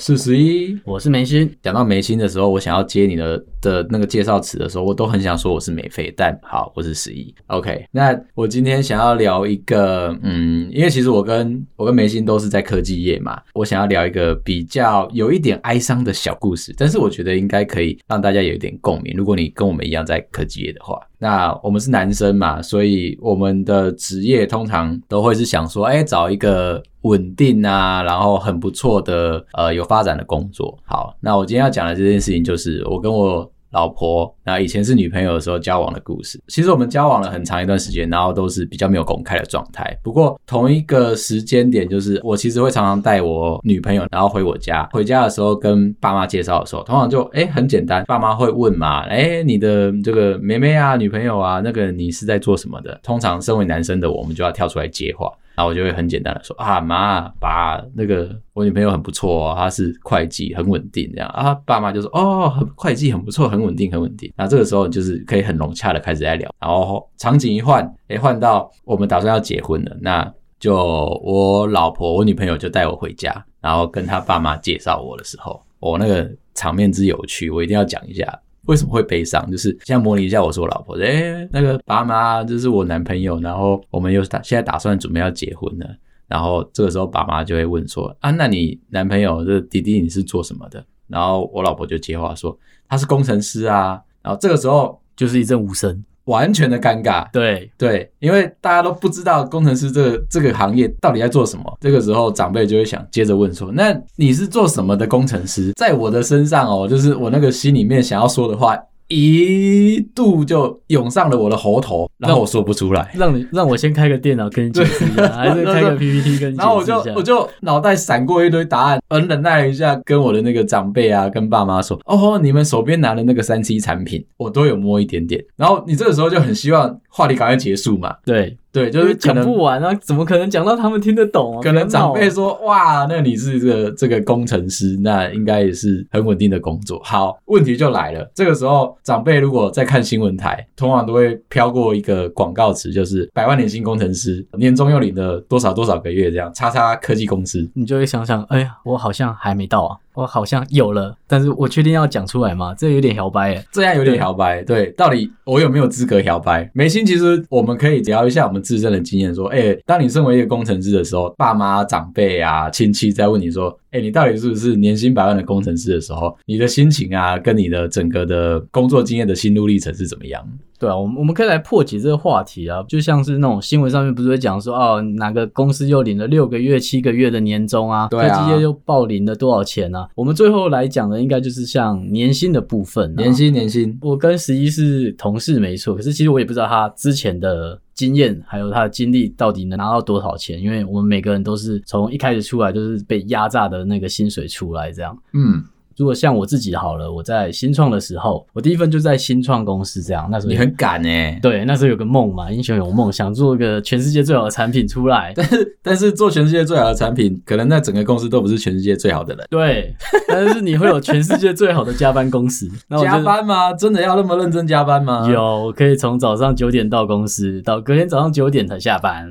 四十一，41，我是眉心。講到眉心的時候，我想要接你的。的那個介紹詞的時候，我都很想說我是美菲，但好，我是十一。OK，那我今天想要聊一個，嗯，因為其實我跟我跟梅心都是在科技業嘛，我想要聊一個比較有一點哀傷的小故事，但是我覺得應該可以讓大家有一點共鳴。如果你跟我們一樣在科技業的話，那我們是男生嘛，所以我們的職業通常都會是想說，哎、欸，找一個穩定啊，然後很不錯的，呃，有發展的工作。好，那我今天要講的這件事情就是我跟我老婆，那以前是女朋友的時候交往的故事。其實我們交往了很長一段時間，然後都是比較沒有公開的狀態。不過同一個時間點，就是我其實會常常帶我女朋友，然後回我家。回家的時候跟爸媽介紹的時候，通常就，哎、欸、很簡單，爸媽會問嘛，誒、欸、你的這個妹妹啊，女朋友啊，那個你是在做什麼的？通常身為男生的我，我們就要跳出來接話。那我就會很簡單的說啊，媽，爸，那個我女朋友很不錯哦，她是會計，很穩定，這樣啊，爸媽就說哦，會計很不錯，很穩定，很穩定。那、啊、這個時候就是可以很融洽的開始在聊，然後場景一換，誒，換到我們打算要結婚了，那就我老婆我女朋友就帶我回家，然後跟她爸媽介紹我的時候，我、哦、那個場面之有趣，我一定要講一下。為什麼會悲傷？就是現在模擬一下，我是我老婆，誒、欸，那個爸媽這是我男朋友，然後我們又打，現在打算準備要結婚了，然後這個時候爸媽就會問說啊，那你男朋友這個、弟弟你是做什麼的？然後我老婆就接話說他是工程師啊，然後這個時候就是一陣無聲。完全的尷尬，對對，因為大家都不知道工程師這個這個行業到底在做什麼。這個時候，長輩就會想接着問說：“那你是做什麼的工程師？”在我的身上哦，就是我那個心裡面想要說的話。一度就湧上了我的喉頭，然後，然後我說不出來。讓你讓我先開個電腦跟你解釋一下，對 還是開個 PPT 跟你解釋一下？然後我就我就腦袋閃過一堆答案，很忍耐了一下，跟我的那個長輩啊，跟爸媽說：“哦吼，你們手邊拿的那個三七產品，我都有摸一點點。”然後你這個時候就很希望話題趕快結束嘛？對。對，就是講不完啊！怎麼可能講到他們聽得懂啊？可能長輩說：“哇，那你是這個這個工程師，那應該也是很穩定的工作。”好，問題就來了。這個時候，長輩如果在看新聞台，通常都會飄過一個廣告詞，就是“百萬年薪工程師”，年終又領了多少多少個月這樣。叉叉科技公司，你就會想想：“哎呀，我好像還沒到啊。”我好像有了，但是我確定要講出來嗎？這有點搖擺、欸，哎，這樣有點搖擺。對，對，到底我有沒有資格搖擺？梅心，其實我們可以聊一下我們自身的經驗，說，哎、欸，當你身為一個工程師的時候，爸媽、長輩啊、親戚在問你說，哎、欸，你到底是不是年薪百萬的工程師的時候，你的心情啊，跟你的整個的工作經驗的心路歷程是怎麼樣？對啊，我們我們可以來破解這個話題啊，就像是那種新聞上面不是會講說，哦，哪個公司又領了六個月、七個月的年終啊，這季、啊、又暴領了多少錢啊？我們最後來講的應該就是像年薪的部分、啊，年薪，年薪，年薪。我跟十一是同事沒錯，可是其實我也不知道他之前的經驗還有他的經歷到底能拿到多少錢，因為我們每個人都是從一開始出來就是被壓榨的那個薪水出來這樣。嗯。如果像我自己好了，我在新創的時候，我第一份就在新創公司這樣。那時候你很敢呢？欸，對，那時候有個夢嘛，英雄有夢想，做個全世界最好的產品出來。但是，但是做全世界最好的產品，可能在整個公司都不是全世界最好的人。對，但是你會有全世界最好的加班公司。 那我加班嗎？真的要那麼認真加班嗎？有，我可以從早上九點到公司，到隔天早上九點才下班，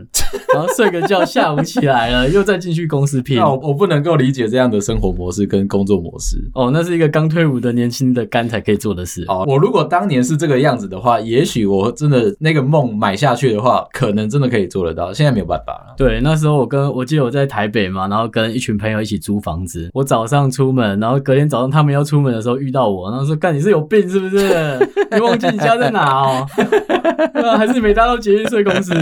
然後睡個覺， 下午起來了又再進去公司拼。我我不能夠理解這樣的生活模式跟工作模式。哦，那是一個剛退伍的年輕的肝才可以做的事。哦，我如果當年是這個樣子的話，也許我真的那個夢買下去的話，可能真的可以做得到。現在沒有辦法了。對，那時候我跟我記得我在台北嘛，然後跟一群朋友一起租房子。我早上出門，然後隔天早上他們要出門的時候遇到我，然後說，幹你是有病是不是？你忘記你家在哪？哦？ 啊，還是沒搭到捷運睡公司。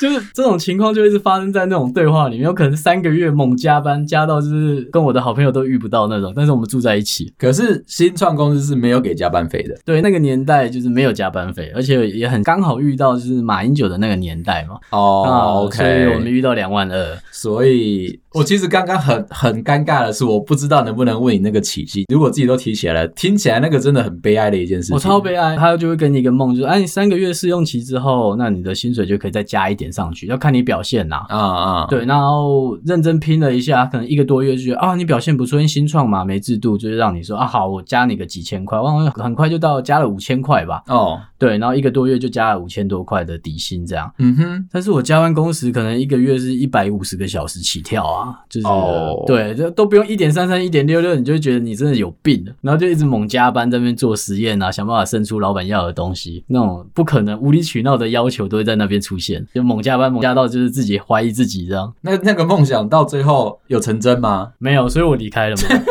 就是這種情況就會一直發生在那種對話裡面，有可能三個月猛加班加到就是跟我的好朋友都遇不到那種，但是我們住在一起。可是新創公司是沒有給加班費的，對，那個年代就是沒有加班費，而且也很剛好遇到就是馬英九的那個年代嘛。哦，OK，所以我們遇到兩萬二。所以，我其實剛剛很很尷尬的是，我不知道能不能問你那個起薪。如果自己都提起來了，聽起來那個真的很悲哀的一件事情。我超悲哀。他就會給你一個夢，就哎，啊、你三個月試用期之後，那你的薪水就可以再加一點，上去要看你表現吶，啊啊、uh，uh. 對，然後認真拼了一下，可能一個多月就覺得啊，你表現不錯，新創嘛，沒制度，就是讓你說啊，好，我加你個幾千塊，我，很快就到加了五千塊吧，哦、uh。Uh. 對，然後一個多月就加了五千多塊的底薪，這樣。嗯哼。但是我加完工時，可能一個月是一百五十個小時起跳啊，就是，哦、對，就都不用一點三三、一點六六，你就會覺得你真的有病。然後就一直猛加班在那邊做實驗啊，想辦法生出老闆要的東西，那種不可能無理取鬧的要求都會在那邊出現，就猛加班，猛加到就是自己懷疑自己這樣。那那個夢想到最後有成真嗎？沒有，所以我離開了嘛。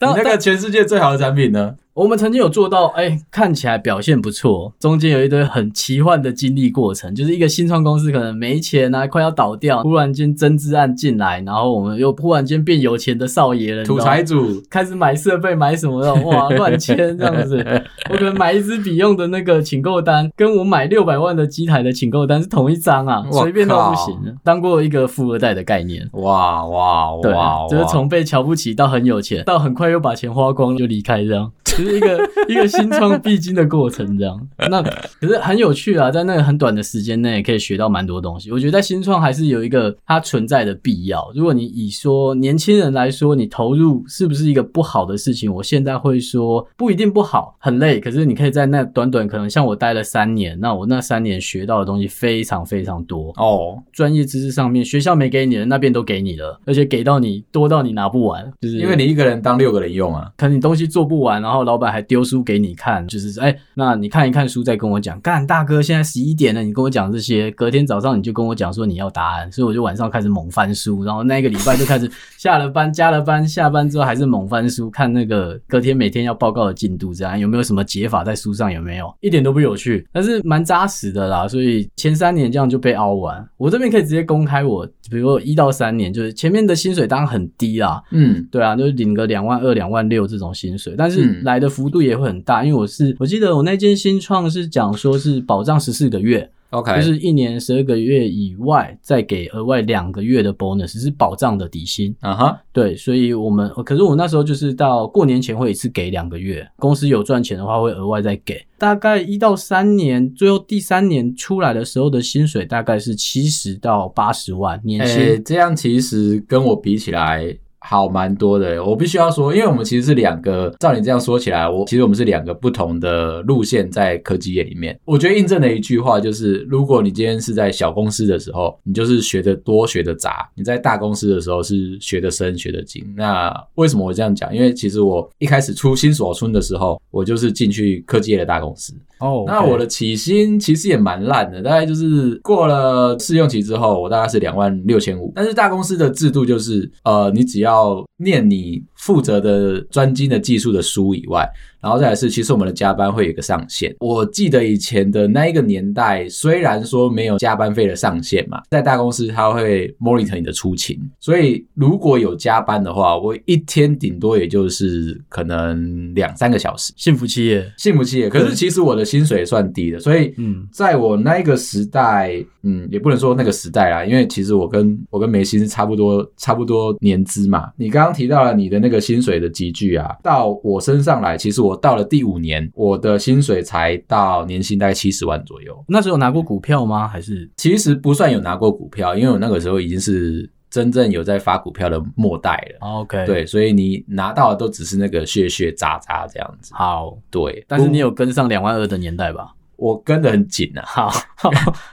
你那個全世界最好的產品呢？我們曾經有做到，哎、欸，看起來表現不錯，中間有一堆很奇幻的經歷過程，就是一個新創公司可能沒錢啊，快要倒掉，突然間增資案進來，然後我們又突然間變有錢的少爺了，土財主開始買設備買什麼的，哇，亂簽這樣子， 我可能買一支筆用的那個請購單，跟我買六百萬的機台的請購單是同一張啊，隨靠便都不行，當過一個富二代的概念，哇哇哇，哇哇哇，就是從被瞧不起到很有錢，到很快又把錢花光就離開這樣。 是一個一個新創必經的過程，這樣那可是很有趣啊，在那個很短的時間內可以學到蠻多東西。我覺得在新創還是有一個它存在的必要。如果你以說年輕人來說，你投入是不是一個不好的事情？我現在會說不一定不好，很累，可是你可以在那短短可能像我待了三年，那我那三年學到的東西非常非常多哦。Oh. 專業知識上面學校沒給你的那邊都給你了，而且給到你多到你拿不完，就是因為你一個人當六個人用啊，可能你東西做不完，然後老。老闆還丟書給你看，就是說哎、欸，那你看一看書，再跟我講。幹，大哥，現在十一點了，你跟我講這些。隔天早上你就跟我講說你要答案，所以我就晚上開始猛翻書，然後那一個禮拜就開始下了班加了班，下班之後還是猛翻書，看那個隔天每天要報告的進度，這樣有沒有什麼解法在書上有沒有？一點都不有趣，但是蠻紮實的啦。所以前三年這樣就被凹完。我這邊可以直接公開我，我比如說一到三年，就是前面的薪水當然很低啦，嗯，對啊，就是領個兩萬二、兩萬六這種薪水，但是來的。幅度也會很大，因為我是，我記得我那間新創是講說是保障十四個月，OK，就是一年十二個月以外再給額外兩個月的 bonus，是保障的底薪。啊哈、uh-huh. 對，所以我們，可是我那時候就是到過年前會一次給兩個月，公司有賺錢的話會額外再給，大概一到三年，最後第三年出來的時候的薪水大概是七十到八十萬，年薪、欸。這樣其實跟我比起來好蠻多的，我必須要說，因為我們其實是兩個，照你這樣說起來，我其實我們是兩個不同的路線在科技業裡面。我覺得印證了一句話就是，如果你今天是在小公司的時候，你就是學的多學的雜；你在大公司的時候是學的深學的精。那為什麼我這樣講？因為其實我一開始出新手村的時候，我就是進去科技業的大公司。哦，oh, okay. 那我的起薪其實也蠻爛的，大概就是過了試用期之後，我大概是兩萬六千五。但是大公司的制度就是，呃，你只要。念你負責的專精的技術的書以外，然後再來是，其實我們的加班會有一個上限。我記得以前的那一個年代，雖然說沒有加班費的上限嘛，在大公司他會 monitor 你的出勤，所以如果有加班的話，我一天頂多也就是可能兩三個小時。幸福企業，幸福企業。可是其實我的薪水也算低的，所以嗯，在我那一個時代，嗯，嗯，也不能說那個時代啦，因為其實我跟我跟梅西是差不多，差不多年資嘛。你剛剛提到了你的那個薪水的積聚啊，到我身上來。其實我到了第五年，我的薪水才到年薪大概七十萬左右。那時候有拿過股票嗎？還是其實不算有拿過股票，因為我那個時候已經是真正有在發股票的末代了。OK，對，所以你拿到的都只是那個血血渣渣這樣子。好，對，但是你有跟上兩萬二的年代吧？我跟得很緊吶、啊，好好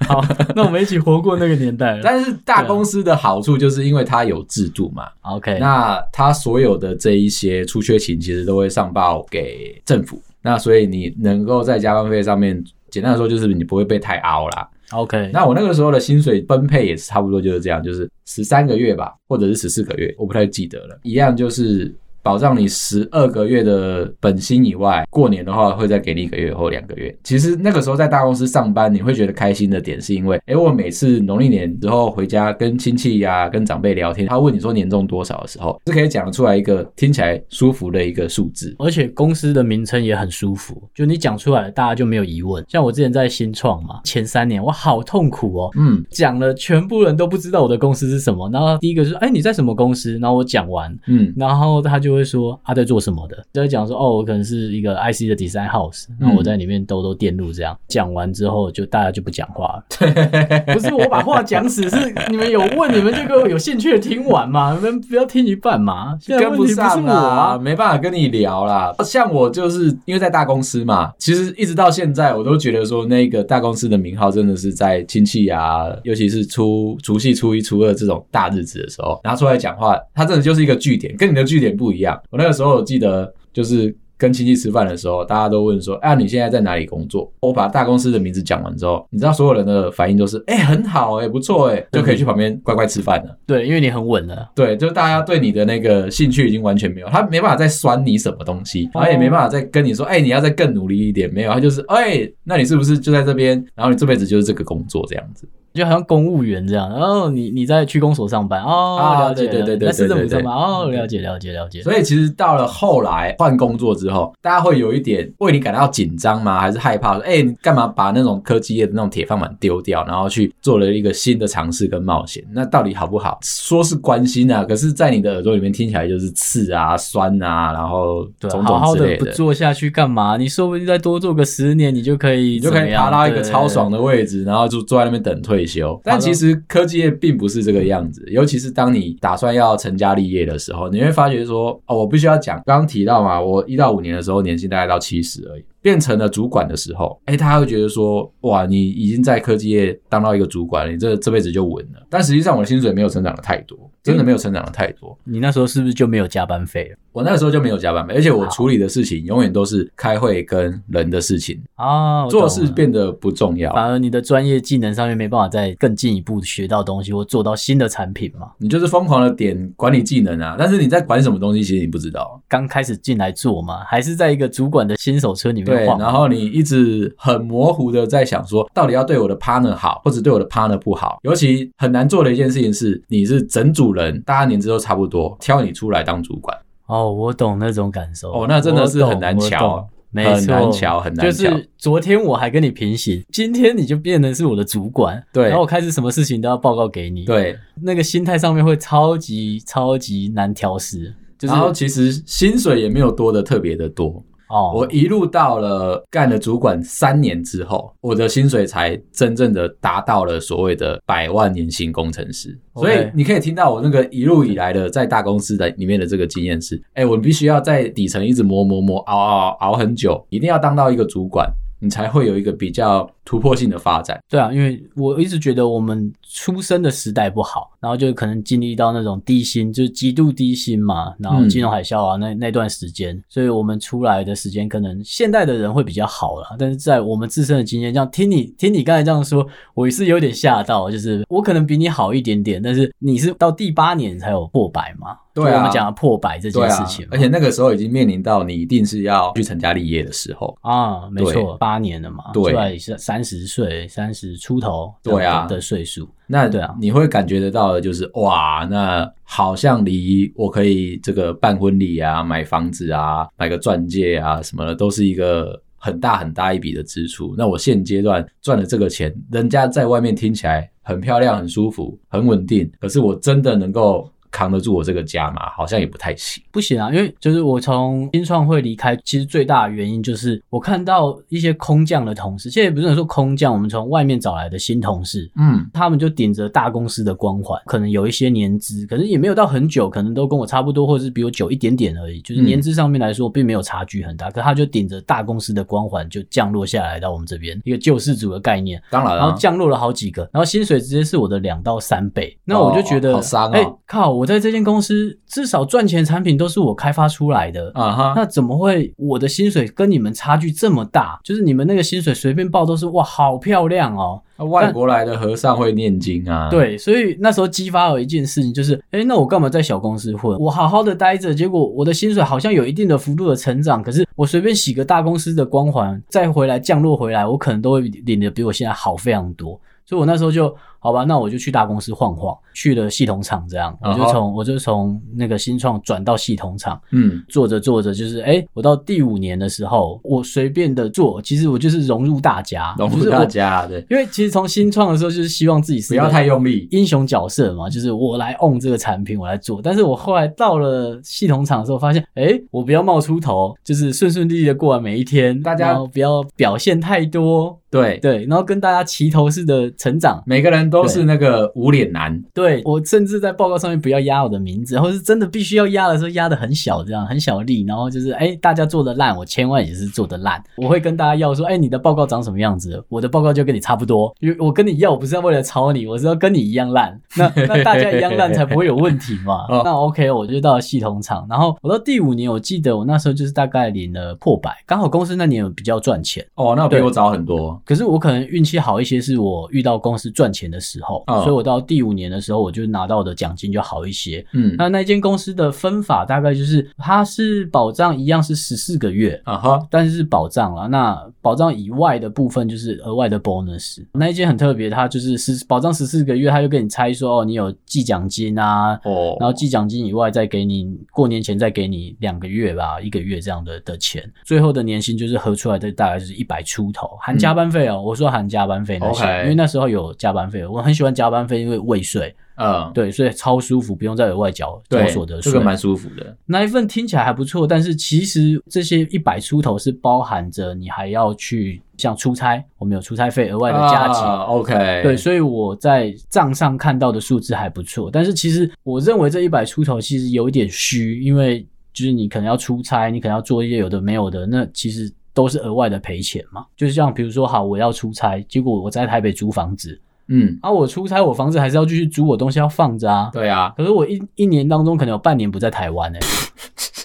好，那我們一起活過那個年代了。 但是大公司的好處就是因為它有制度嘛，OK，對那它所有的這一些出缺勤其實都會上報給政府，那所以你能夠在加班費上面，簡單來說就是你不會被太凹啦，OK。那我那個時候的薪水分配也是差不多就是這樣，就是十三個月吧，或者是十四個月，我不太記得了，一樣就是。保障你十二個月的本薪以外，過年的話會再給你一個月或兩個月。其實那個時候在大公司上班，你會覺得開心的點是因為，哎，我每次農曆年之後回家跟親戚呀、啊、跟長輩聊天，他問你說年終多少的時候，是可以講出來一個聽起來舒服的一個數字，而且公司的名稱也很舒服，就你講出來大家就沒有疑問。像我之前在新創嘛，前三年我好痛苦哦，嗯，講了全部人都不知道我的公司是什麼。然後第一個、就是，哎，你在什麼公司？然後我講完，嗯，然後他就。都會說他在、啊、做什麼的，就會講說哦，我可能是一個 IC 的 design house，、嗯、然後我在裡面兜兜電路這樣。講完之後就，就大家就不講話了。 不是我把話講死是，是你們有問，你們就給我有興趣的聽完嗎？你們不要聽一半嘛。現在問題不是我跟不上，沒辦法跟你聊啦。像我就是因為在大公司嘛，其實一直到現在，我都覺得說那個大公司的名號真的是在親戚啊，尤其是初除夕、初、初一、初二這種大日子的時候拿出來講話，它真的就是一個句點，跟你的句點不一樣。我那個時候記得，就是跟親戚吃飯的時候，大家都問說：“哎，你現在在哪裡工作？”我把大公司的名字講完之後，你知道所有人的反應都是：“哎，很好，哎，不錯，哎，就可以去旁邊乖乖吃飯了。”對，因為你很穩了。對，就大家對你的那個興趣已經完全沒有，他沒辦法再酸你什麼東西，他也沒辦法再跟你說：“哎，你要再更努力一點。”沒有，他就是：“哎，那你是不是就在這邊？然後你這輩子就是這個工作這樣子。”就好像公務員這樣，然後你你在區公所上班哦，了解，對對對對對，那市政府嘛哦，了解了解了解。所以其實到了後來換工作之後，大家會有一點為你感到緊張嗎？還是害怕說，哎，你幹嘛把那種科技業的那種鐵飯碗丟掉，然後去做了一個新的嘗試跟冒險？那到底好不好？說是關心啊，可是在你的耳朵裡面聽起來就是刺啊、酸啊，然後種種之類的。好好的不做下去幹嘛？你說不定再多做個十年，你就可以，你就可以達到一個超爽的位置，然後就坐在那邊等退修，但其實科技業並不是這個樣子，尤其是當你打算要成家立業的時候，你會發覺說，哦，我必須要講，剛剛提到嘛，我一到五年的時候，年薪大概到七十而已。變成了主管的時候，哎、欸，他會覺得說，哇，你已經在科技業當到一個主管，你這這輩子就穩了。但實際上，我的薪水沒有成長的太多，真的沒有成長的太多。你那時候是不是就沒有加班費了？我那個時候就沒有加班費，而且我處理的事情永遠都是開會跟人的事情啊，好哦、做事變得不重要，反而你的專業技能上面沒辦法再更進一步學到東西，或做到新的產品嘛？你就是瘋狂的點管理技能啊，但是你在管什麼東西，其實你不知道。剛開始進來做嘛，還是在一個主管的新手村裡面。對，然後你一直很模糊的在想說，到底要對我的 partner 好，或者對我的 partner 不好。尤其很難做的一件事情是，你是整組人，大家年紀都差不多，挑你出來當主管。哦，我懂那種感受。哦，那真的是很難喬。沒錯，很難喬，很難喬。就是昨天我還跟你平行，今天你就變成是我的主管。對，然後我開始什麼事情都要報告給你。對，那個心態上面會超級超級難調適。就是然後其實薪水也沒有多的特別的多。哦，oh. 我一路到了幹了主管三年之後，我的薪水才真正的達到了所謂的百萬年薪工程師。Okay. 所以你可以聽到我那個一路以來的在大公司的裡面的這個經驗是：哎、欸，我必須要在底層一直磨磨磨熬熬熬熬很久，一定要當到一個主管，你才會有一個比較突破性的發展。對啊，因為我一直覺得我們出生的時代不好，然後就可能經歷到那種低薪，就是極度低薪嘛，然後金融海嘯啊那那段時間，所以我們出來的時間可能現代的人會比較好了。但是在我們自身的經驗，像聽你聽你剛才這樣說，我也是有點嚇到，就是我可能比你好一點點，但是你是到第八年才有破百嘛。對啊，我們講的破百這件事情、啊，而且那個時候已經面臨到你一定是要去成家立業的時候啊，沒錯，對，八年了嘛，對是三十歲，三十出頭對，啊，對啊的歲數，那對啊，你會感覺得到的就是哇，那好像離我可以這個辦婚禮啊、買房子啊、買個鑽戒啊什麼的，都是一個很大很大一筆的支出。那我現階段賺了這個錢，人家在外面聽起來很漂亮、很舒服、很穩定，可是我真的能夠扛得住我這個家嗎？好像也不太行，不行啊！因為就是我從新創會離開，其實最大的原因就是我看到一些空降的同事，現在也不是很說空降，我們從外面找來的新同事，嗯，他們就頂着大公司的光環，可能有一些年資，可是也沒有到很久，可能都跟我差不多，或者是比我久一點點而已。就是年資上面來說，嗯、並沒有差距很大，可他就頂着大公司的光環就降落下來到我們這邊，一個救世主的概念，當然了、啊，然後降落了好幾個，然後薪水直接是我的兩到三倍，那我就覺得，哎、哦好傷哦欸，靠我。我在這間公司，至少賺錢的產品都是我開發出來的啊哈，uh huh. 那怎麼會我的薪水跟你們差距這麼大？就是你們那個薪水隨便報都是哇，好漂亮哦，啊！外國來的和尚會念經啊，對，所以那時候激發了一件事情，就是誒，那我幹嘛在小公司混？我好好的待着，結果我的薪水好像有一定的幅度的成長，可是我隨便洗個大公司的光環再回來降落回來，我可能都會領的比我現在好非常多。所以，我那時候就好吧，那我就去大公司晃晃，去了系統廠，這樣我就從、uh huh. 我就從那個新創轉到系統廠，嗯，做着做着，就是哎、欸，我到第五年的時候，我隨便的做，其實我就是融入大家，融入大家，對。因為其實從新創的時候就是希望自己是不要太用力，英雄角色嘛，就是我來 own 這個產品，我來做。但是我後來到了系統廠的時候，發現，哎、欸，我不要冒出頭，就是順順利利的過完每一天，大家然後不要表現太多。對對，然後跟大家齊頭式的成長，每個人都是那個無臉男。對，對我甚至在報告上面不要壓我的名字，或者是真的必須要壓的時候壓的很小，這樣很小力。然後就是哎，大家做的爛，我千萬也是做的爛。我會跟大家要說，哎，你的報告長什麼樣子？我的報告就跟你差不多。因為我跟你要，我不是要為了抄你，我是要跟你一樣爛。那那大家一樣爛才不會有問題嘛。 哦、那 OK，我就到了系統廠。然後我到第五年，我記得我那時候就是大概領了破百，剛好公司那年有比較賺錢。哦，那比我早很多。對 可是我可能運氣好一些，是我遇到公司賺錢的時候，嗯、所以我到第五年的時候，我就拿到的獎金就好一些。嗯，那那間公司的分法大概就是，它是保障一樣是十四個月啊哈，但是是保障啦，那保障以外的部分就是額外的 bonus。那一間很特別，它就是十保障十四個月，它就跟你猜說哦，你有寄獎金啊，哦，然後寄獎金以外再給你過年前再給你兩個月吧，一個月這樣的的錢，最後的年薪就是合出來的大概就是一百出頭，含加班、嗯。費哦，我說含加班費那些，Okay. 因為那時候有加班費，我很喜歡加班費，因為未稅，嗯，對，所以超舒服，不用再額外繳對繳所得稅，這個蠻舒服的。那一份聽起來還不錯，但是其實這些一百出頭是包含着你還要去像出差，我們有出差費額外的加給、uh,，OK，對，所以我在賬上看到的數字還不錯，但是其實我認為這一百出頭其實有一點虛，因為就是你可能要出差，你可能要做一些有的沒有的，那其實。都是額外的賠錢嘛，就像比如說，好，我要出差，結果我在台北租房子。嗯，啊，我出差，我房子還是要繼續租，我東西要放着啊。對啊，可是我一一年當中可能有半年不在台灣哎、欸，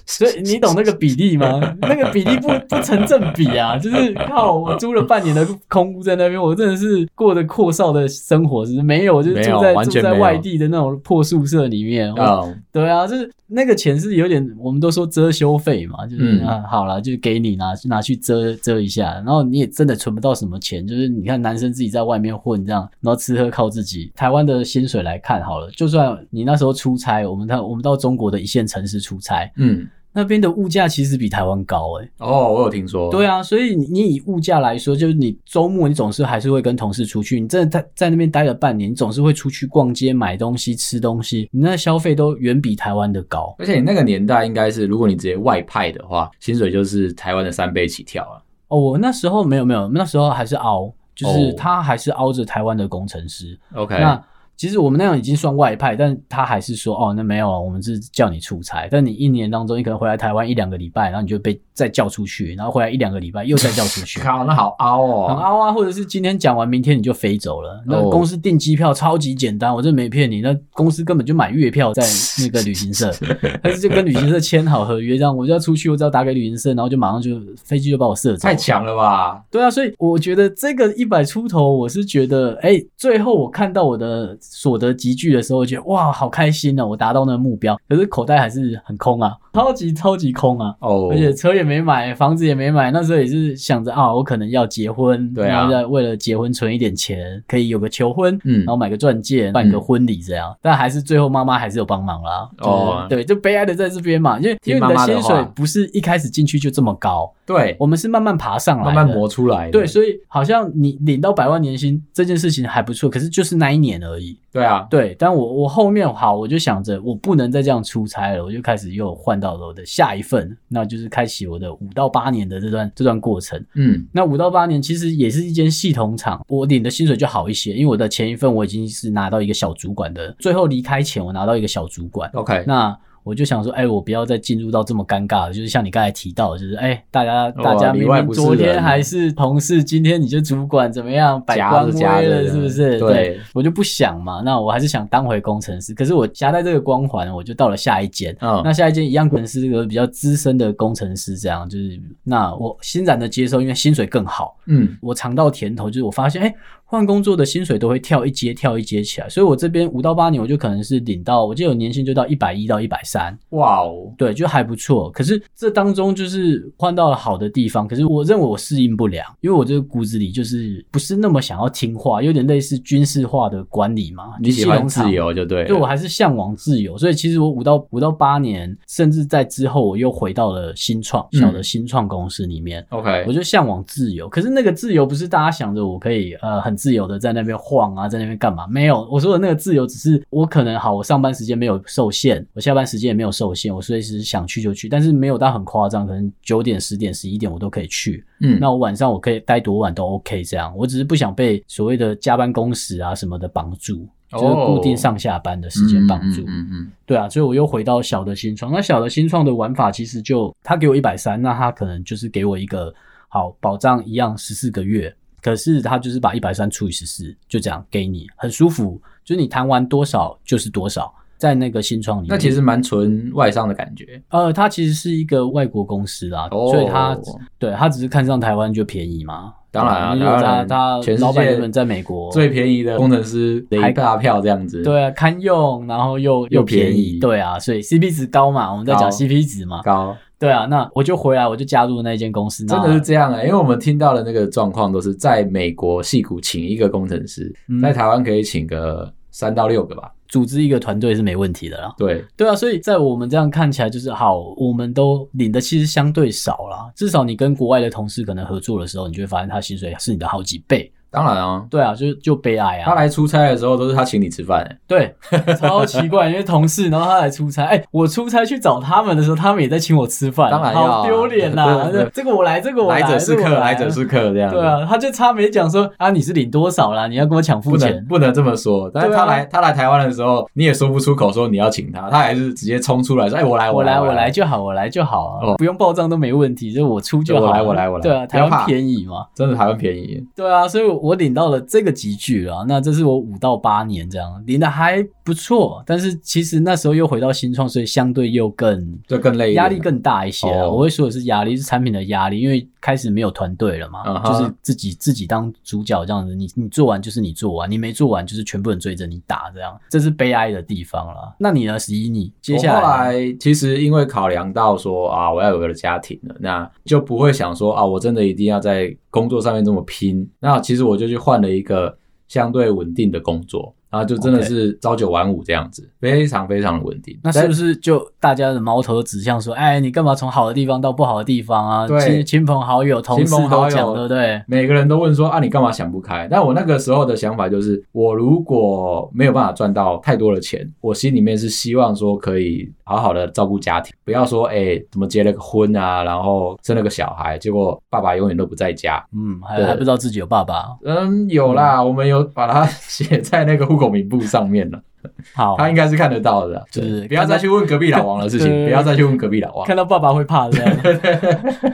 所以你懂那個比例嗎？ 那個比例不不成正比啊，就是靠我租了半年的空屋在那邊，我真的是過得闊少的生活是是，是沒有，就是住在住在外地的那種破宿舍裡面哦。Yeah. 對啊，就是那個錢是有點，我們都說遮羞費嘛，就是啊，嗯、好了，就給你拿拿去遮遮一下，然後你也真的存不到什麼錢，就是你看男生自己在外面混這樣。要吃喝靠自己。台灣的薪水來看好了，就算你那時候出差，我們到我們到中國的一線城市出差，嗯，那邊的物價其實比台灣高哎、欸。哦，我有聽說。對啊，所以你以物價來說，就是你周末你總是還是會跟同事出去，你真的在在那邊待了半年，總是會出去逛街買東西吃東西，你那消費都遠比台灣的高。而且你那個年代應該是，如果你直接外派的話，薪水就是台灣的三倍起跳啊。哦，我那時候沒有沒有，那時候還是熬。就是他還是凹着台灣的工程師。Oh. OK，那其實我們那樣已經算外派，但他還是說哦，那沒有啊，我們是叫你出差，但你一年當中你可能回來台灣一兩個禮拜，然後你就被。再叫出去，然後回來一兩個禮拜，又再叫出去。 靠，那好凹哦，很凹啊！或者是今天講完，明天你就飛走了。哦、那公司訂機票超級簡單，我真的沒騙你。那公司根本就買月票，在那個旅行社， 但是就跟旅行社簽好合約，這樣我就要出去，我只要打給旅行社，然後就馬上就飛機就把我射走。太強了吧？對啊，所以我覺得這個一百出頭，我是覺得，哎、欸，最後我看到我的所得集聚的時候我覺得，我就哇，好開心呢、啊！我達到那個目標，可是口袋還是很空啊，超級超級空啊。哦，而且車也。沒買房子也沒買，那時候也是想着啊，我可能要結婚，對啊、然後再為了結婚存一點錢，可以有個求婚，嗯，然後買個鑽戒，辦個婚禮這樣。嗯、但還是最後媽媽還是有幫忙啦。哦、就是，oh. 對，就悲哀的在這邊嘛，因為因為你的薪水不是一開始進去就這麼高，對，我們是慢慢爬上來，慢慢磨出來。對，所以好像你領到百萬年薪這件事情還不錯，可是就是那一年而已。對啊，對，但我我後面好，我就想着我不能再這樣出差了，我就開始又換到了我的下一份，那就是開啟我的五到八年的這段這段過程。嗯，那五到八年其實也是一間系統廠，我領的薪水就好一些，因為我的前一份我已經是拿到一個小主管的，最後離開前我拿到一個小主管。OK，那。我就想說，哎、欸，我不要再進入到這麼尷尬的，就是像你剛才提到的，就是哎、欸，大家大家、哦、不明明昨天還是同事，今天你就主管怎麼樣，擺官威了，是不是？家著家著對,對，我就不想嘛，那我還是想當回工程師。可是我夾在這個光環，我就到了下一間，哦、那下一間一樣，可能是這個比較資深的工程師，這樣就是，那我欣然的接受，因為薪水更好。嗯，我嘗到甜頭，就是我發現，哎、欸。換工作的薪水都會跳一階跳一階起來，所以我這邊五到八年，我就可能是領到，我記得我年薪就到一百一到一百三，哇哦，對，就還不錯。可是這當中就是換到了好的地方，可是我認為我適應不良，因為我這個骨子裡就是不是那麼想要聽話，有點類似軍事化的管理嘛。系統你喜歡自由就對，對，我還是向往自由，所以其實我五到五到八年，甚至在之後我又回到了新創，小的新創公司裡面，嗯，OK，我就向往自由。可是那個自由不是大家想着我可以，呃，很。自由的在那邊晃啊，在那邊幹嘛？沒有，我說的那個自由，只是我可能好，我上班時間沒有受限，我下班時間也沒有受限，我隨時想去就去，但是沒有到很誇張，可能九點、十點、十一點我都可以去。嗯，那我晚上我可以待多晚都 OK，這樣。我只是不想被所謂的加班工時啊什麼的綁住，就是固定上下班的時間綁住。哦。嗯嗯嗯嗯，對啊，所以我又回到小的新創。那小的新創的玩法其實就，他給我一百三，那他可能就是給我一個好保障一樣，十四個月。可是他就是把一百三除以十四，就這樣給你，很舒服。就是你談完多少就是多少，在那個新創裡面。那其實蠻純外商的感覺。呃，他其實是一個外國公司啦，oh. 所以他對他只是看上台灣就便宜嘛。當然啊，當然，他全世界人在美國最便宜的工程師一大票這樣子。對啊，堪用，然後又又便宜。便宜對啊，所以 CP 值高嘛，我們在講 CP 值嘛，高。高對啊，那我就回來，我就加入了那一間公司。真的是這樣哎，嗯、因為我們聽到的那個狀況都是，在美國矽谷請一個工程師，嗯、在台灣可以請個三到六個吧，組織一個團隊是沒問題的啦。對，對啊，所以在我們這樣看起來，就是好，我們都領的其實相對少啦，至少你跟國外的同事可能合作的時候，你就會發現他薪水是你的好幾倍。當然啊，對啊，就是就悲哀啊。他來出差的時候都是他請你吃飯，對，超奇怪，因為同事，然後他來出差，哎，我出差去找他們的時候，他們也在請我吃飯，當然好丟臉啦。這個我來，這個我來，來者是客，來者是客，這樣對啊。他就差沒講說啊，你是領多少啦？你要跟我搶付錢，不能這麼說。但他來，他來台灣的時候，你也說不出口說你要請他，他還是直接衝出來說，哎，我來，我來，我來就好，我來就好，哦，不用報賬都沒問題，就我出就好，我來，我來，我來，對啊，台灣便宜嘛，真的台灣便宜，對啊，所以我。我領到了這個級距了。啊，那這是我五到八年這樣領的還不錯，但是其實那時候又回到新創，所以相對又更更累，壓力更大一些了。啊。Oh. 我會說的是壓力是產品的壓力，因為開始沒有團隊了嘛，uh huh. 就是自己自己當主角這樣子，你你做完就是你做完，你沒做完就是全部人追着你打，這樣這是悲哀的地方了。那你呢，十一，你接下來、oh, 後來其實因為考量到說啊，我要有一個家庭了，那就不會想說啊，我真的一定要在工作上面這麼拼。那其實。我就去換了一個相對穩定的工作。啊，就真的是朝九晚五這樣子，Okay. 非常非常的穩定。那是不是就大家的矛頭的指向說，哎，你幹嘛從好的地方到不好的地方啊？對，親親朋好友、同事好講，對不對？每個人都問說，啊，你幹嘛想不開？嗯、但我那個時候的想法就是，我如果沒有辦法賺到太多的錢，我心裡面是希望說可以好好的照顧家庭，不要說，哎、欸，怎麼結了個婚啊，然後生了個小孩，結果爸爸永遠都不在家，嗯，還我還不知道自己有爸爸。嗯，有啦，嗯、我們有把它寫在那個狗名簿上面呢？ 好，他應該是看得到的啦，就是不要再去問隔壁老王的事情， 對不要再去問隔壁老王。看到爸爸會怕的，可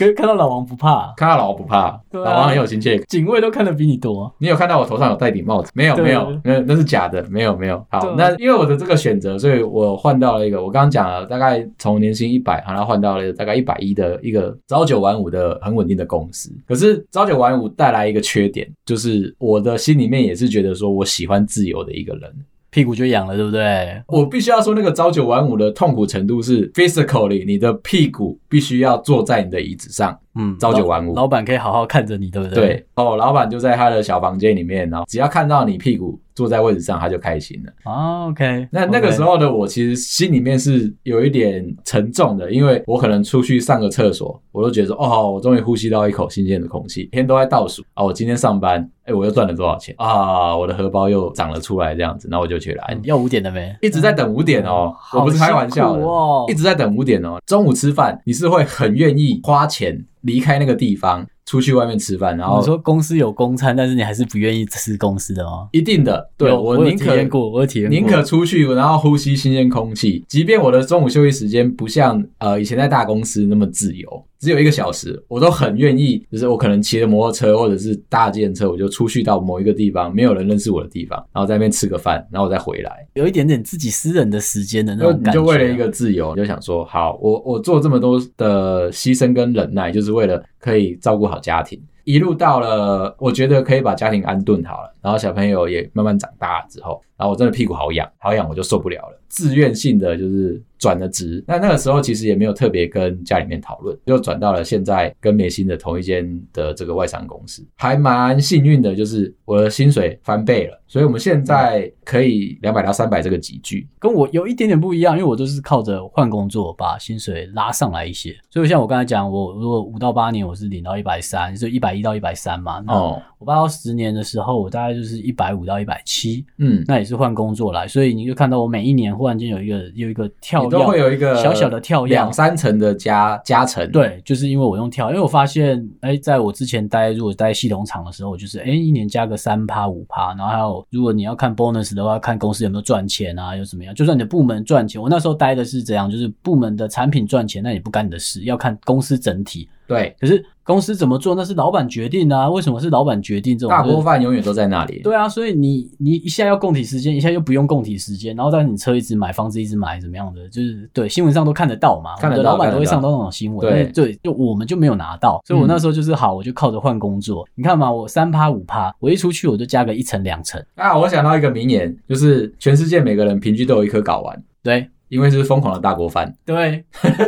是看到老王不怕，啊， 看到老王不怕，啊、老王很有親切。警衛都看得比你多。你有看到我頭上有戴頂帽子？沒有，沒有，沒有，那是假的。沒有，沒有。好，對那因為我的這個選擇，所以我換到了一個，我剛剛講了，大概從年薪一百，然後換到了大概一百一的一個朝九晚五的很穩定的公司。可是朝九晚五帶來一個缺點，就是我的心裡面也是覺得說我喜歡自由的一個人。屁股就癢了，對不對？我必須要說，那個朝九晚五的痛苦程度是 physically，你的屁股必須要坐在你的椅子上。嗯，朝九晚五，老板可以好好看着你，對不對？對，哦，老板就在他的小房間裡面，然後只要看到你屁股坐在位置上，他就開心了。啊，OK，那那個時候的我其實心裡面是有一點沉重的，因為我可能出去上個廁所，我都覺得說，哦，哦我終於呼吸到一口新鮮的空氣。天都在倒數哦，我今天上班，誒我又賺了多少錢啊、哦？我的荷包又長了出來，這樣子，那我就起來了。哎、你要五點了沒？一直在等五點哦，嗯、我不是開玩笑的，哇、一直在等五點哦。中午吃飯，你是會很願意花錢。離開那個地方，出去外面吃飯。然後你說公司有公餐，但是你還是不願意吃公司的哦。一定的，對，有，我寧可，我有體驗過，寧可出去，然後呼吸新鮮空氣。即便我的中午休息時間不像呃以前在大公司那麼自由。只有一個小時，我都很願意，就是我可能騎着摩托車或者是大件車，我就出去到某一個地方，沒有人認識我的地方，然後在那邊吃個飯，然後我再回來，有一點點自己私人的時間的那種感覺。就為了一個自由，就想說，好，我我做這麼多的犧牲跟忍耐，就是為了可以照顧好家庭。一路到了，我覺得可以把家庭安頓好了，然後小朋友也慢慢長大之後。然後我真的屁股好癢，好癢，我就受不了了，自願性的就是轉了職。那那個時候其實也沒有特別跟家裡面討論，就轉到了現在跟梅心的同一間的這個外商公司，還蠻幸運的，就是我的薪水翻倍了。所以我們現在可以兩百到三百這個級距，跟我有一點點不一樣，因為我都是靠着換工作把薪水拉上來一些。所以像我剛才講，我如果五到八年我是領到一百三，就一百一到一百三嘛。哦，我八到十年的時候我大概就是一百五到一百七。嗯，那。是換工作來，所以你就看到我每一年忽然間有一個有一個跳躍，你都會有一個小小的跳躍，兩三層的加加成。對，就是因為我用跳，因為我發現，哎、欸，在我之前待如果待系統廠的時候，就是哎、欸、一年加個三趴五趴，然後還有如果你要看 bonus 的話，看公司有沒有賺錢啊，又怎麼樣？就算你的部門賺錢，我那時候待的是怎樣，就是部門的產品賺錢，那也不干你的事，要看公司整體。對，可是公司怎麼做，那是老闆決定啊？為什麼是老闆決定這種、就是、大鍋飯永遠都在那裡？對啊，所以你你一下要共體時艱，一下又不用共體時艱，然後在你車一直買，房子一直買，怎麼樣的？就是對新聞上都看得到嘛，看得到老闆都會上到那種新聞。看得到對，就我們就沒有拿到，對所以我那時候就是好，我就靠着換工作，嗯、你看嘛，我三趴五趴，我一出去我就加個一成兩成。啊，我想到一個名言，就是全世界每個人平均都有一顆睾丸。對，因為是瘋狂的大鍋飯。對。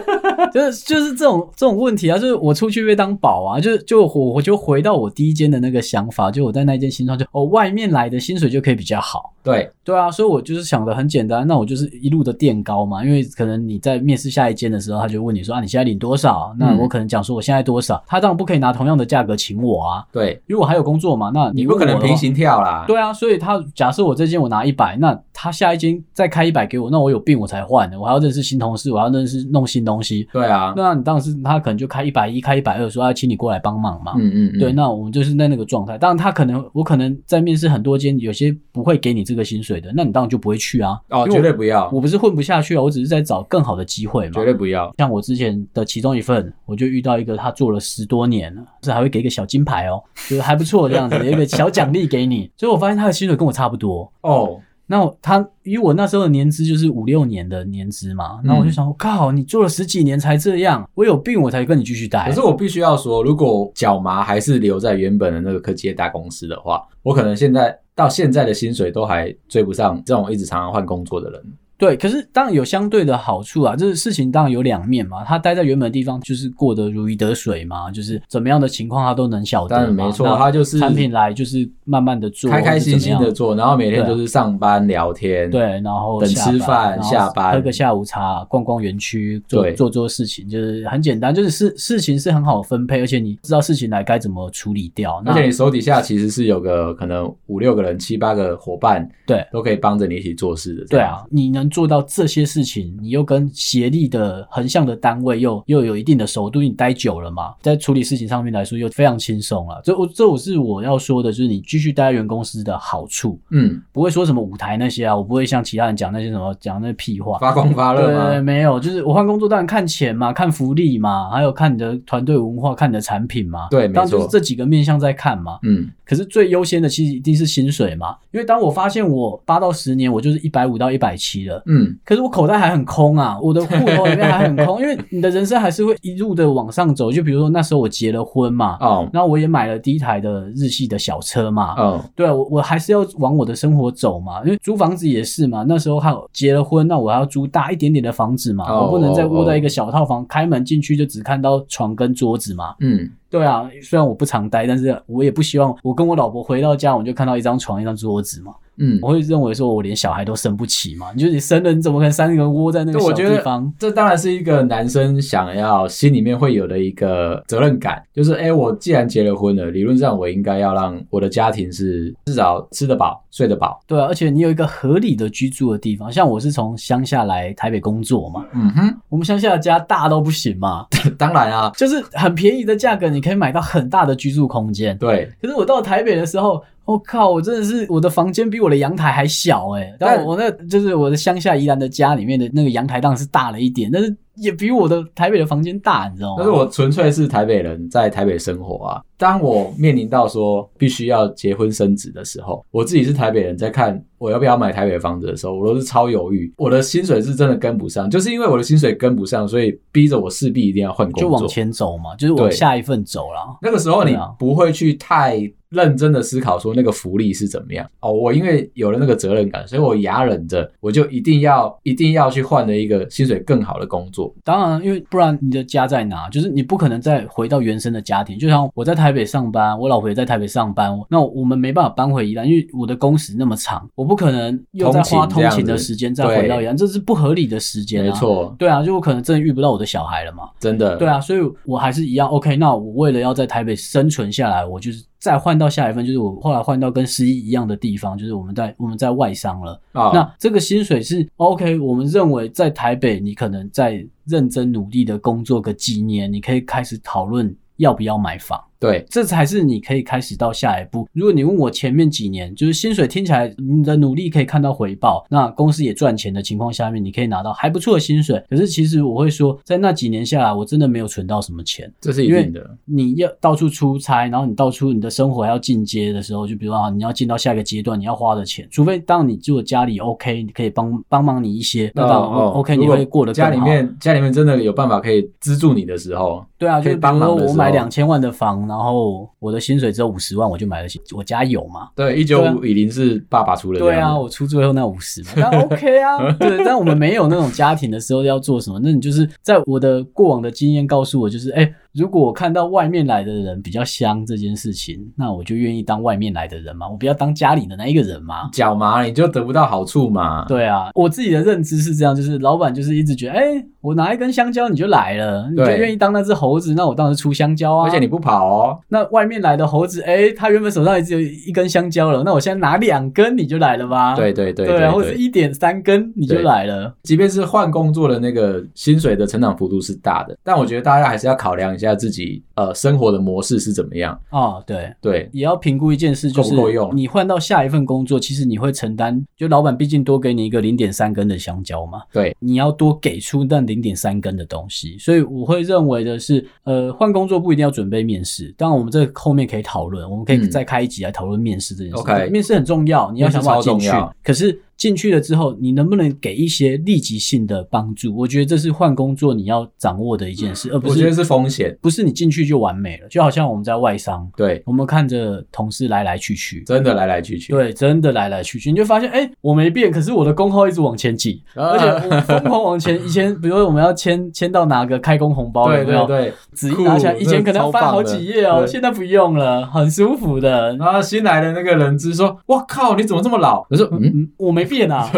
就是就是這種這種問題啊，就是我出去被當寶啊，就是就我我就回到我第一間的那個想法，就我在那一間新創就哦，外面來的薪水就可以比較好。對對啊，所以我就是想的很簡單，那我就是一路的墊高嘛，因為可能你在面試下一間的時候，他就問你說啊，你現在領多少？那我可能講說我現在多少？他當然不可以拿同樣的價格請我啊，對，因為我還有工作嘛，那你，你不可能平行跳啦。對啊，所以他假設我這間我拿一百，那他下一間再開一百給我，那我有病我才換的，我還要認識新同事，我還要認識弄新東西。對啊，那你當時他可能就開一百一，開一百二，說要請你過來幫忙嘛。嗯嗯嗯。對，那我們就是在那個狀態。當然，他可能我可能在面試很多間，有些不會給你這個薪水的，那你當然就不會去啊。哦，絕對不要！我不是混不下去啊，我只是在找更好的機會嘛。絕對不要！像我之前的其中一份，我就遇到一個，他做了十多年了，是還會給一個小金牌哦，就是還不錯這樣子的， 有一個小獎勵給你。所以我發現他的薪水跟我差不多哦。那我他因為我那時候的年資就是五六年的年資嘛，那我就想，我、嗯、靠，你做了十幾年才這樣，我有病我才跟你繼續待。可是我必須要說，如果腳麻還是留在原本的那個科技業大公司的話，我可能現在到現在的薪水都還追不上這種一直常常換工作的人。對，可是當然有相對的好處啊，就是事情當然有兩面嘛。他待在原本的地方，就是過得如魚得水嘛，就是怎麼樣的情況他都能曉得沒錯。他那 就是產品來，就是慢慢的做，開開心心的做，然後每天就是上班聊天，嗯、對，然後等吃飯，然後 下班喝個下午茶，逛逛園區，做對做做事情，就是很簡單，就是事事情是很好分配，而且你知道事情來該怎麼處理掉。而且你手底下其實是有個、嗯、可能五六個人、七八個伙伴，對，都可以幫着你一起做事的。對啊，你能。做到這些事情，你又跟協力的橫向的單位又又有一定的熟度，你待久了嘛，在處理事情上面來說又非常輕鬆了。這我這我是我要說的，就是你繼續待在原公司的好處，嗯，不會說什麼舞台那些啊，我不會像其他人講那些什麼講那屁話，發光發熱。 對，沒有，就是我換工作當然看錢嘛，看福利嘛，還有看你的團隊文化，看你的產品嘛，對，沒錯，當然就是這幾個面向在看嘛，嗯，可是最優先的其實一定是薪水嘛，因為當我發現我八到十年我就是一百五到一百七了。嗯，可是我口袋還很空啊，我的戶頭裡面還很空， 因為你的人生還是會一路的往上走。就比如說那時候我結了婚嘛，哦，oh. 然後我也買了第一台的日系的小車嘛，oh. 對、啊，我我還是要往我的生活走嘛，因為租房子也是嘛。那時候還有結了婚，那我還要租大一點點的房子嘛，我、oh. 不能再窩在一個小套房，oh. 開門進去就只看到床跟桌子嘛，嗯。對啊，雖然我不常待，但是我也不希望我跟我老婆回到家，我就看到一張床，一張桌子嘛。嗯，我會認為說我連小孩都生不起嘛？你就你生了，你怎麼可能三個人窩在那個小地方？對，我覺得這當然是一個男生想要心裡面會有的一個責任感，就是哎，欸，我既然結了婚了，理論上我應該要讓我的家庭是至少吃得飽、睡得飽。對啊，而且你有一個合理的居住的地方。像我是從鄉下來台北工作嘛，嗯哼，我們鄉下的家大到不行嘛。 當然啊，就是很便宜的價格。你可以買到很大的居住空間，對。可是我到台北的時候，我、哦、靠，我真的是我的房間比我的陽台還小哎、欸！但然後我那就是我的鄉下宜蘭的家裡面的那個陽台當然是大了一點，嗯、但是。也比我的台北的房間大，你知道嗎？但是我純粹是台北人在台北生活啊。當我面臨到說必須要結婚生子的時候，我自己是台北人，在看我要不要買台北房子的時候，我都是超猶豫。我的薪水是真的跟不上，就是因為我的薪水跟不上，所以逼着我勢必一定要換工作。就往前走嘛，就是往下一份走了。那個時候你不會去太。認真的思考說那個福利是怎麼樣哦，oh, 我因為有了那個責任感，所以我啞忍着，我就一定要一定要去換了一個薪水更好的工作。當然，因為不然你的家在哪？就是你不可能再回到原生的家庭。就像我在台北上班，我老婆也在台北上班，那我們沒辦法搬回宜蘭，因為我的工時那麼長，我不可能又再花通勤的時間再回到宜蘭，這,這是不合理的時間啊。沒錯，對啊，就我可能真的遇不到我的小孩了嘛？真的，對啊，所以我還是一樣 OK，那我為了要在台北生存下來，我就是。再換到下一份，就是我後來換到跟十一一樣的地方，就是我們在我們在外商了。啊，那這個薪水是 OK，我們認為在台北，你可能在認真努力的工作個幾年，你可以開始討論要不要買房。對，這才是你可以開始到下一步。如果你問我前面幾年，就是薪水聽起來你的努力可以看到回報，那公司也賺錢的情況下面，你可以拿到還不錯的薪水。可是其實我會說，在那幾年下來，我真的沒有存到什麼錢。這是一定的，你要到處出差，然後你到處你的生活要進階的時候，就比如啊，你要進到下一個階段，你要花的錢，除非當你住家裡 OK，你可以幫幫忙你一些，那當、嗯、OK 你會過得家裡面家裡面真的有辦法可以資助你的時候，對啊，就以幫說我買兩千萬的房呢、啊。然後我的薪水只有五十萬，我就買了。我家有嘛？對，一九五零是爸爸出了。對啊，我出最後那五十嘛，那 OK 啊。 對，但我們沒有那種家庭的時候要做什麼？那你就是在我的過往的經驗告訴我，就是哎。欸如果我看到外面來的人比較香這件事情，那我就願意當外面來的人嗎？我不要當家裡的那一個人嗎？腳麻你就得不到好處嘛。對啊，我自己的認知是這樣，就是老闆就是一直覺得，哎、欸，我拿一根香蕉你就來了，你就願意當那隻猴子，那我當然出香蕉啊，而且你不跑哦。那外面來的猴子，哎、欸，他原本手上也只有一根香蕉了，那我現在拿兩根你就來了嗎？對對對，對對對，對、啊，或者一點三根你就來了。對對對對，即便是換工作的那個薪水的成長幅度是大的，但我覺得大家還是要考量一下。下自己呃，生活的模式是怎麼樣啊、哦？對對，也要評估一件事，就是夠不夠用。你換到下一份工作，其實你會承擔，就老板畢竟多給你一個零點三根的香蕉嘛。對，你要多給出那零點三根的東西。所以我會認為的是，呃，換工作不一定要準備面試。當然，我們這後面可以討論，我們可以再開一集來討論面試這件事。嗯、OK，對，面試很重要，你要想法進去。可是。進去了之後，你能不能給一些立即性的幫助？我覺得這是換工作你要掌握的一件事，而不是我覺得是風險，不是你進去就完美了。就好像我們在外商，對，我們看着同事來來去去，真的來來去去，對，真的來來去去，你就發現，哎、欸，我沒變，可是我的工號一直往前擠，啊、而且瘋狂往前。以前 比如說我們要簽簽到哪個開工紅包有有，對對對，紙拿下以前可能要翻好幾頁哦、喔，現在不用了，很舒服的。然後新來的那個人資說：“我靠，你怎麼這麼老？”嗯、我說：“嗯，我沒。”變啊，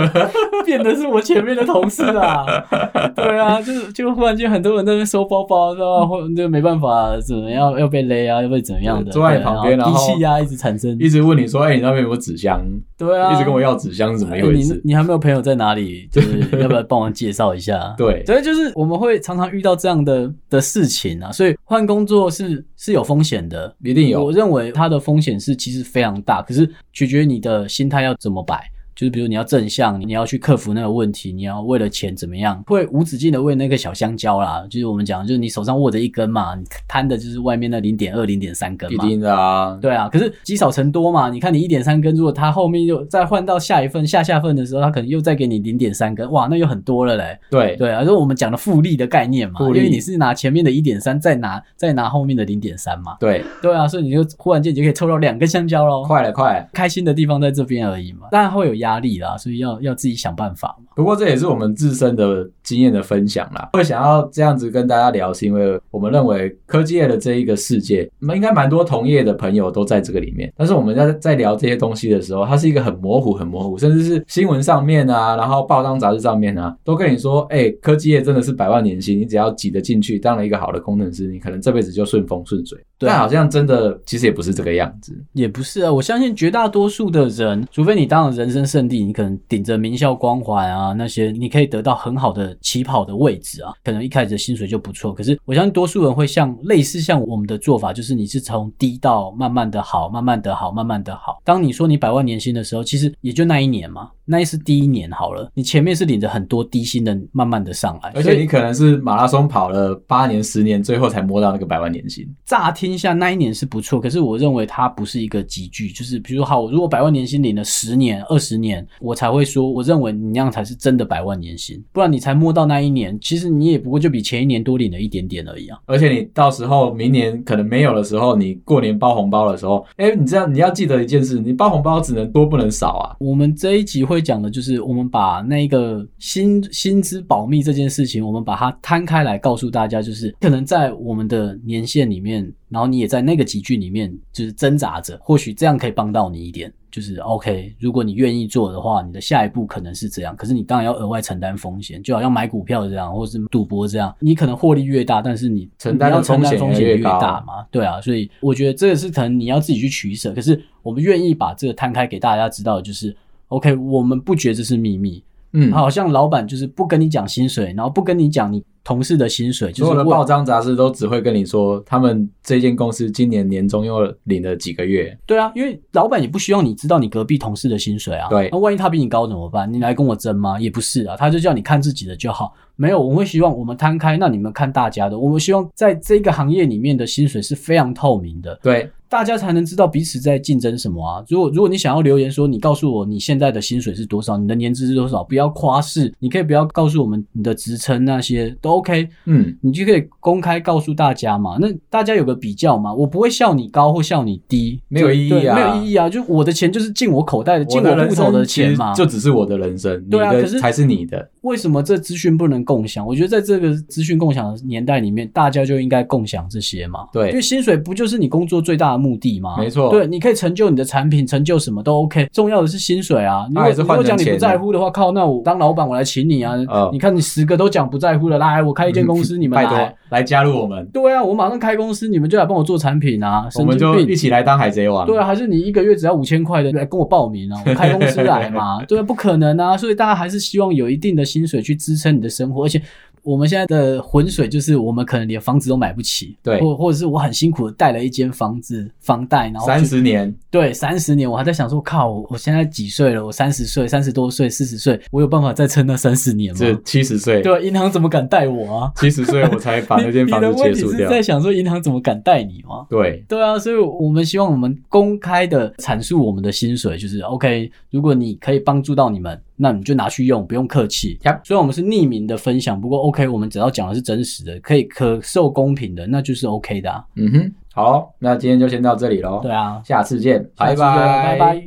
變的是我前面的同事啊，對啊，就是就忽然間很多人在那邊收包包，然後就沒辦法，怎麼樣，要被勒啊，要被怎麼樣的？對，對，坐在旁邊，然後機器啊一直產生，一直問你說：“哎，你那邊有紙箱？”對啊，一直跟我要紙箱是怎麼一回事？你你還沒有朋友在哪裡？就是要不要幫忙介紹一下？對，所以就是我們會常常遇到這樣的的事情啊，所以換工作是是有風險的，一定有，嗯。我認為它的風險是其實非常大，可是取決你的心態要怎麼擺。就是比如你要正向，你要去克服那個問題，你要為了錢怎麼樣，會無止境的為那個小香蕉啦。就是我們講，就是你手上握着一根嘛，你攤的就是外面那零點二、零點三根嘛。一定的啊，對啊。可是積少成多嘛，你看你一點三根，如果他後面又再換到下一份、下下份的時候，他可能又再給你零點三根，哇，那又很多了嘞。對對啊，因為我們講的複利的概念嘛，複利。因為你是拿前面的一點三，再拿再拿後面的零點三嘛。對對啊，所以你就忽然間你就可以抽到兩根香蕉嘍。快了快，開心的地方在這邊而已嘛，當然會有壓。壓力啦，所以要要自己想辦法嘛。不過這也是我們自身的經驗的分享啦。我會想要這樣子跟大家聊，是因為我們認為科技業的這一個世界，應該蠻多同業的朋友都在這個裡面。但是我們在在聊這些東西的時候，它是一個很模糊、很模糊，甚至是新聞上面啊，然後報章雜誌上面啊，都跟你說：“哎、欸，科技業真的是百萬年薪，你只要擠得進去，當了一個好的工程師，你可能這輩子就順風順水。對啊”但好像真的，其實也不是這個樣子，也不是啊。我相信絕大多數的人，除非你當了人生，生陣地，你可能頂着名校光環啊，那些你可以得到很好的起跑的位置啊，可能一開始薪水就不錯。可是我相信多數人會像類似像我們的做法，就是你是從低到慢慢的好，慢慢的好，慢慢的好。當你說你百萬年薪的時候，其實也就那一年嘛，那也是第一年好了。你前面是領着很多低薪的，慢慢的上來，而且你可能是馬拉松跑了八年、十年，最後才摸到那個百萬年薪。乍聽一下，那一年是不錯，可是我認為它不是一個集聚，就是比如說好，如果百萬年薪領了十年、二十年。我才會說，我認為你那樣才是真的百萬年薪，不然你才摸到那一年，其實你也不過就比前一年多領了一點點而已啊。而且你到時候明年可能沒有的時候，你過年包紅包的時候，哎，你這樣你要記得一件事，你包紅包只能多不能少啊。我們這一集會講的就是，我們把那個薪薪資保密這件事情，我們把它攤開來告訴大家，就是可能在我們的年限裡面。然後你也在那個幾句裡面，就是掙扎着，或許這樣可以幫到你一點，就是 OK。如果你願意做的話，你的下一步可能是這樣，可是你當然要額外承擔風險，就好像買股票這樣，或是賭博是這樣，你可能獲利越大，但是你承擔的風險也越大嘛。嗯、對啊，所以我覺得這個是可能你要自己去取舍。可是我們願意把這個攤開給大家知道，就是 OK，我們不覺得這是秘密。嗯，好像老板就是不跟你講薪水，然後不跟你講你。同事的薪水，就是報章雜誌都只會跟你說他們這間公司今年年終又領了幾個月。對啊，因為老闆也不希望你知道你隔壁同事的薪水啊。對，那萬一他比你高怎麼辦？你來跟我爭嗎？也不是啊，他就叫你看自己的就好。沒有，我們會希望我們攤開，那你們看大家的。我們希望在這個行業裡面的薪水是非常透明的。對，大家才能知道彼此在競爭什麼啊。如果如果你想要留言說你告訴我你現在的薪水是多少，你的年資是多少，不要誇飾，你可以不要告訴我們你的職稱那些都。OK，嗯，你就可以公開告訴大家嘛，那大家有個比較嘛。我不會笑你高或笑你低，沒有意義啊，沒有意義啊。就我的錢就是進我口袋的，進我戶頭的錢嘛，就只是我的人生，你的才是你的。為什麼這資訊不能共享？我覺得在這個資訊共享的年代裡面，大家就應該共享這些嘛。對，因為薪水不就是你工作最大的目的嗎？沒錯，對，你可以成就你的產品，成就什麼都 OK，重要的是薪水啊。你如果你如果講你不在乎的話，靠，那我當老闆我來請你啊。哦，你看你十個都講不在乎的啦我開一間公司，嗯、你們來來加入我們。對啊，我馬上開公司，你們就來幫我做產品啊！我們就一起來當海賊王。對啊，還是你一個月只要五千塊的來跟我報名啊？我開公司來嘛？ 對啊，不可能啊！所以大家還是希望有一定的薪水去支撐你的生活，而且。我們現在的渾水就是，我們可能連房子都買不起，對，或或者是我很辛苦的貸了一間房子，房貸然後三十年，嗯，對，三十年，我還在想說，靠，我現在幾歲了？我三十歲，三十多歲，四十歲，我有辦法再撐那三十年嗎？是，七十歲，對，銀行怎麼敢貸我啊？七十歲我才把那間房子結束掉。 在想說銀行怎麼敢貸你嗎？對，對啊，所以我們希望我們公開的闡述我們的薪水，就是 OK，如果你可以幫助到你們。那你就拿去用，不用客氣。雖然我們是匿名的分享，不過 OK，我們只要講的是真實的，可以可受公平的，那就是 OK 的啊。嗯哼，好，那今天就先到這裡嘍。對啊，下次見，拜拜。拜拜。